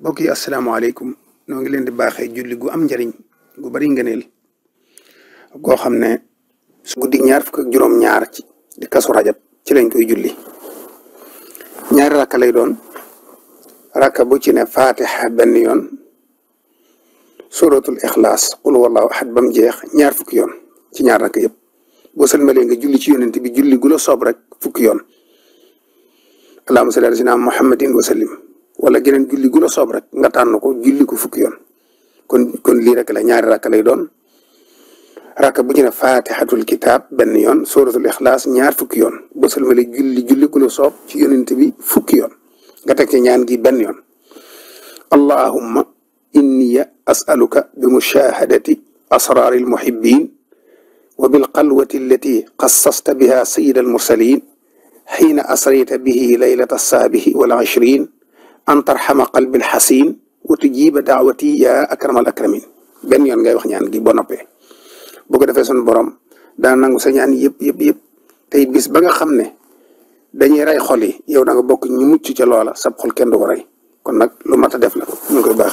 mbokk yi asalaamaaleykum noo ngi leen di baaxee julli gu am njariñ gu bari ngëneel goo xam ne su guddi ñaar fukk ak juróom-ñaar ci ci lañ koy julli ñaari rakka lay doon rakka bu ci ne fatiha benn yoon suratul ixlaas qul wallahu ahad ba mu jeex ñaar fukki yoon ci ñaar rakka yëpp boo sëlmalee nga julli ci yonent bi julli gu la soob rek fukki yoon allahumma salli ala sayyidina muhammadin wa sallim wala geneen julli gu la rek nga tànn ko julli ko fukki yoon kon kon lii rek la ñaari rakk lay doon rakk bu ci ne faatihatul kitaab benn yoon sóoratul ñaar fukki yoon ba sëlmale julli julli ku la soob ci yonent bi fukki yoon nga teg ci ñaan gi benn yoon allahumma inni asaluka bi mushahadati asraari almuhibbin wa bilxalwati allati xassasta biha sayida almursalin xiina asrayta bihi laylata assaabihi wal ashrin an tarxama qalbil xasin wa tujiba daawati ya akramal akramin benn yoon ngay wax ñaan gi boo noppee bu ko defee sun borom daa nangu sa ñaan yëpp yëpp yëpp tey bis ba nga xam ne dañuy rey xol yi yow da nga bokk ñu mucc ca loola sab xol kenn du ko rey kon nag lu mat def la ñu koy baax